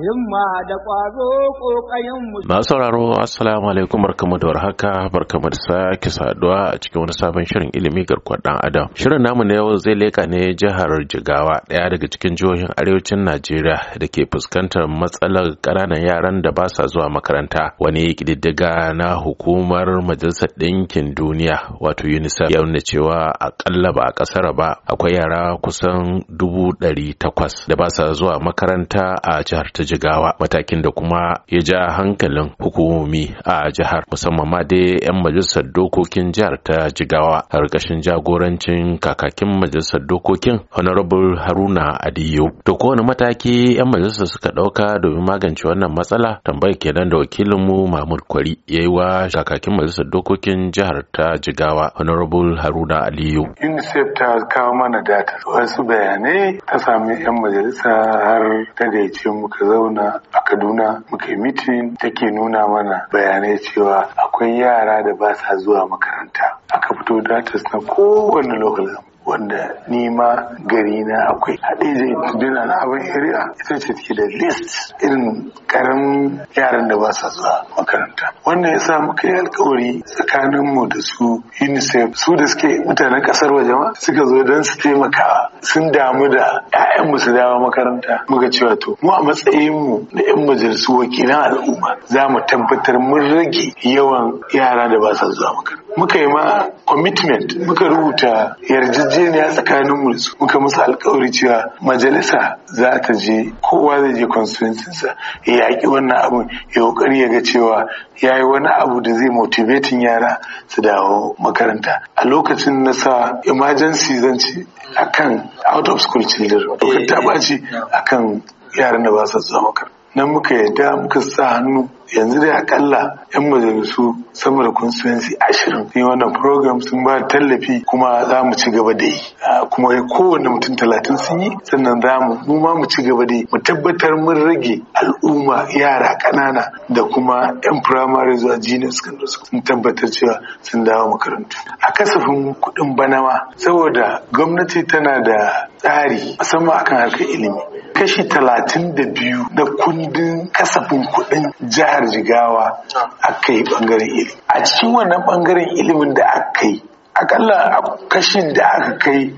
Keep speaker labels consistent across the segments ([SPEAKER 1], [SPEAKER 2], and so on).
[SPEAKER 1] himma da ƙwazo ƙoƙayen
[SPEAKER 2] Masu sauraro assalamu alaikum barkamu da warhaka barkamu da sake saduwa a cikin wani sabon shirin ilimi garkuwar ɗan adam. Shirin namu na yau zai leƙa ne jihar Jigawa ɗaya daga cikin jihohin arewacin Najeriya da ke fuskantar matsalar ƙananan yaran da ba sa zuwa makaranta wani ƙididdiga na hukumar majalisar ɗinkin duniya wato UNICEF ya nuna cewa aƙalla ba a ƙasar ba akwai yara kusan dubu ɗari takwas da ba sa zuwa makaranta a jihar ta jigawa matakin da kuma ya ja hankalin hukumomi a jihar musamman ma dai 'yan majalisar dokokin jihar ta jigawa a ƙarƙashin jagorancin kakakin majalisar dokokin honorable haruna adiyo to kowane mataki 'yan majalisar suka ɗauka domin magance wannan matsala tambayar kenan da wakilinmu mahmud kwari ya yi wa kakakin majalisar dokokin jihar ta jigawa honorable haruna aliyu
[SPEAKER 3] unicef ta kawo mana data wasu bayanai ta sami 'yan majalisa har ta da muka zauna a Kaduna muka yi mitin take nuna mana bayanai cewa akwai yara da ba sa zuwa makaranta. Aka fito datas na kowane lokacin wanda nima gari na akwai hadija dina na abin area ita ce take da list irin karamin yaran da ba sa zuwa makaranta wanda ya sa muka yi alkawari tsakanin mu da su unicef su da suke mutanen kasar waje ma suka zo don su taimaka sun damu da yayan su dawo makaranta muka cewa to mu a matsayin mu da 'yan majalisu wakilan al'umma za mu tabbatar mun rage yawan yara da ba sa zuwa makaranta muka yi ma commitment muka rubuta yarjejeniya yarjejeniya tsakanin mu muka musu alkawari cewa majalisa za ta je kowa zai je sa ya yaƙi wannan abun ya kokari ya ga cewa ya yi wani abu da zai motivating yara su dawo makaranta a lokacin na sa emergency zan ce akan out of school children dokar eh, ta eh, ɓaci akan yaran da ba su zuwa makaranta nan muka yadda muka sa hannu yanzu dai akalla yan majalisu sama da constituency ashirin ne wannan program sun ba tallafi kuma za mu ci gaba da yi Ah, kuma kowane mutum talatin sun yi sannan za mu mu mu ci gaba dai mu tabbatar mun rage al'umma yara ƙanana da kuma 'yan firamare zuwa junior secondary sun tabbatar cewa sun dawo makarantu a kasafin kuɗin bana saboda gwamnati tana da tsari musamman akan harkar ilimi kashi talatin da biyu na kundin kasafin kuɗin jihar jigawa ah. aka yi ɓangaren ilimi a cikin wannan ɓangaren ilimin da aka yi akalla a kashin da aka kai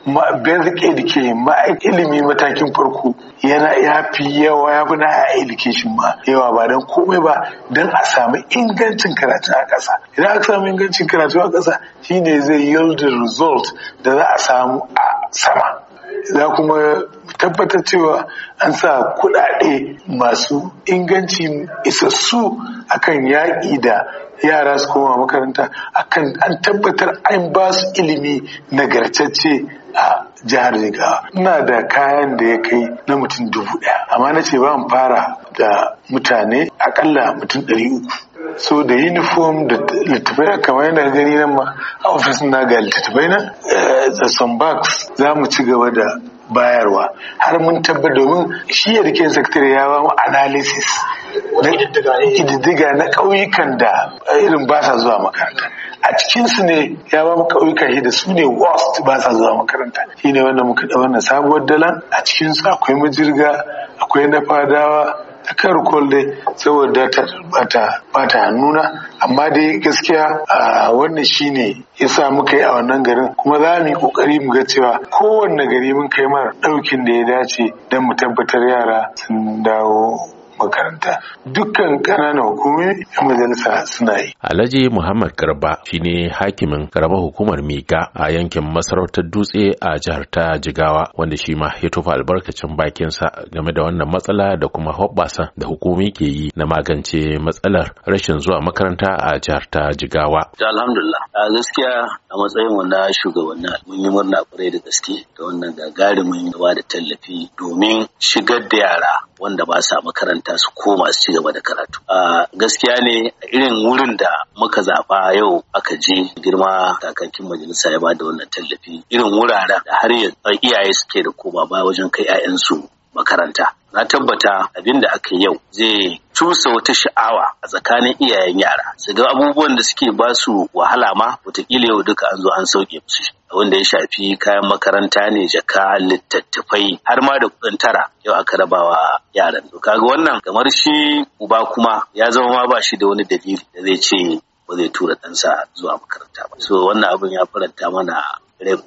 [SPEAKER 3] basic education ma ilimi matakin farko yana ya fi yawa ya fi na higher education ma yawa ba don komai ba don a samu ingancin karatu a ƙasa idan aka samu ingancin karatu a ƙasa ne zai yield result da za a samu a sama za kuma tabbatar cewa an sa kuɗaɗe masu inganci isassu akan yaƙi da yara su koma makaranta akan an tabbatar an ba su ilimi nagartacce a jihar jigawa ina da kayan da ya kai na mutum dubu ɗaya amma na ce ba mu fara da mutane akalla mutum ɗari uku so da uniform da littattafai kamar yana gani nan ma a ofis na ga littattafai na sandbox za mu ci gaba da bayarwa har mun tabbar domin shi ya rike sakitare ya ba mu analysis na ƙididdiga na ƙauyukan da irin ba sa zuwa makaranta a cikinsu ne ya ba mu ƙauyuka da su ne worst ba sa zuwa makaranta shi ne wanda muka da wannan sabuwar dalan a cikinsu akwai majirga akwai na fadawa tsakar kwalle saboda ta ba ta hannuna amma dai gaskiya a wannan shine ya sa muka yi a wannan garin kuma za mu yi kokari mu ga cewa kowanne gari mun kai mara ɗaukin da ya dace don mu tabbatar yara sun dawo makaranta dukkan ƙananan hukumomi a majalisa suna yi.
[SPEAKER 2] Alhaji Muhammad Garba shine hakimin karamar hukumar Mika a yankin masarautar Dutse a jihar ta Jigawa wanda shi ma ya tofa albarkacin bakinsa game da wannan matsala da kuma hoɓɓasa da hukumi ke yi na magance matsalar rashin zuwa makaranta a jihar ta Jigawa.
[SPEAKER 1] Alhamdulillah a gaskiya a matsayin mu na shugabanni mun yi murna kwarai da gaske da wannan gagarumin ba da tallafi domin shigar da yara wanda ba sa makaranta su koma su ci gaba da karatu a gaskiya ne irin wurin da muka zafa yau aka je girma kakakin majalisa ya ba da wannan tallafi irin wuraren da har yanzu iyaye suke da koma baya wajen kai 'ya'yansu makaranta na tabbata abin da aka yau zai cusa wata sha'awa a tsakanin iyayen yara su ga abubuwan da suke ba su wahala ma wataƙila yau duka an zo an sauke musu wanda ya shafi kayan makaranta ne jaka littattafai har ma da kuɗin tara yau aka rabawa yaran doka. kaga wannan kamar shi uba kuma ya zama ma ba shi da wani dalili da zai ce ba zai tura ɗansa zuwa makaranta ba so wannan abin ya faranta mana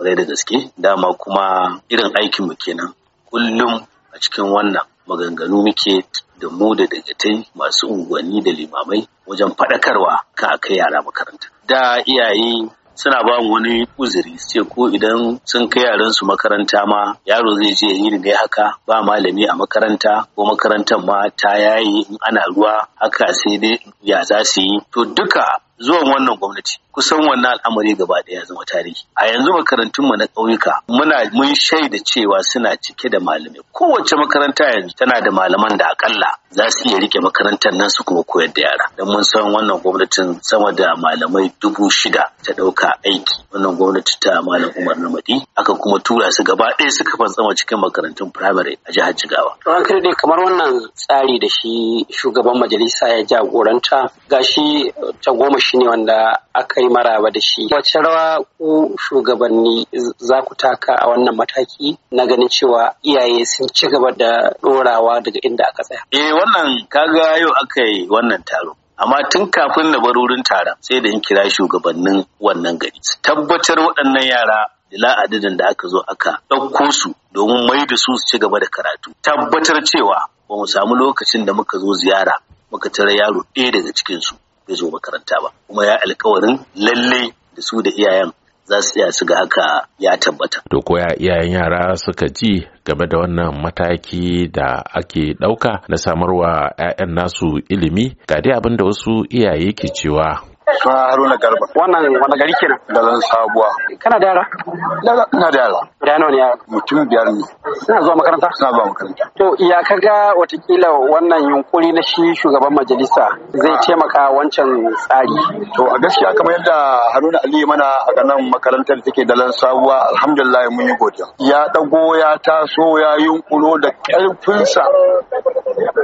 [SPEAKER 1] rai da gaske dama kuma irin aikin mu kenan kullum a cikin wannan maganganu muke da mu da dagatai masu unguwanni da limamai wajen faɗakarwa ka kai yara makaranta. Da iyaye suna ba wani uzuri ce ko idan sun kai yaran su makaranta ma yaro zai je yi ne haka ba malami a makaranta ko makarantar ma ta yayi in ana ruwa haka sai dai ya za su yi to duka zuwan wannan gwamnati kusan wannan al'amari gaba ɗaya zama tarihi a yanzu makarantunmu na ƙauyuka muna mun shaida cewa suna cike da malamai kowace makaranta yanzu tana da malaman da akalla za su iya rike makarantar nan su kuma koyar da yara dan mun san wannan gwamnatin sama da malamai dubu shida ta ɗauka aiki wannan gwamnati ta malam umar namadi aka kuma tura su gaba ɗaya suka fantsama cikin makarantun firamare a jihar jigawa. to an kai kamar wannan tsari da shi shugaban majalisa ya jagoranta gashi ta goma shi ne wanda aka yi maraba da shi. Wace rawa ku shugabanni za ku taka a wannan mataki na ganin cewa iyaye sun ci gaba da ɗorawa daga inda aka tsaya? Eh wannan kaga yau aka yi wannan taro. amma tun kafin na bar wurin taron sai da in kira shugabannin wannan gari su tabbatar waɗannan yara da la'adadin da aka zo aka ɗauko su domin mai da su su ci gaba da karatu tabbatar cewa ba mu samu lokacin da muka zo ziyara muka tara yaro ɗaya daga cikinsu bai zo makaranta ba kuma ya alkawarin lalle da su da iyayen za su iya su ga haka ya tabbata.
[SPEAKER 2] To ko ya iyayen yara suka ji game da wannan mataki da ake ɗauka na samarwa 'ya'yan nasu ilimi ga dai abin da wasu iyaye ke cewa
[SPEAKER 1] Suna Haruna Garba. Wannan wani gari kenan? Dalan Sabuwa. Kana da yara? Ina da yara. Da nawa ne yara? Mutum biyar ne. Suna zuwa makaranta? Suna zuwa makaranta. To ya kaga watakila wannan yunkuri na shi shugaban majalisa zai ah. taimaka wancan tsari. To a gaskiya kamar yadda Haruna Ali mana a nan makarantar take dalan Sabuwa alhamdulillah mun yi godiya. Ya dago ya
[SPEAKER 3] taso ya yunkuro da ƙarfinsa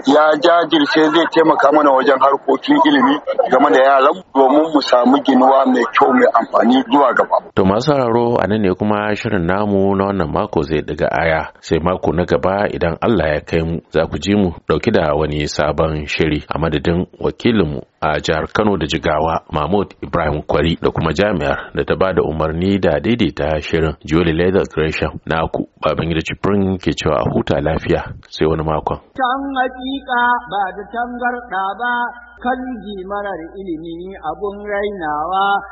[SPEAKER 1] ya jajirce zai
[SPEAKER 3] taimaka mana wajen harkokin ilimi game da yaran domin mu samu ginuwa mai kyau mai amfani zuwa gaba.
[SPEAKER 2] To masu sauraro a nan ne kuma shirin namu na wannan mako zai daga aya sai mako na gaba idan Allah ya kai mu za ku ji mu dauki da wani sabon shiri a madadin wakilinmu a jihar Kano da Jigawa Mahmud Ibrahim Kwari da kuma jami'ar da ta bada umarni da daidaita shirin Julie Leather Creation na ku Babangida Ciprin ke cewa a huta lafiya sai wani makon.
[SPEAKER 1] Can hakika ba da tangarda ba kanji mana da ilimi abun rainawa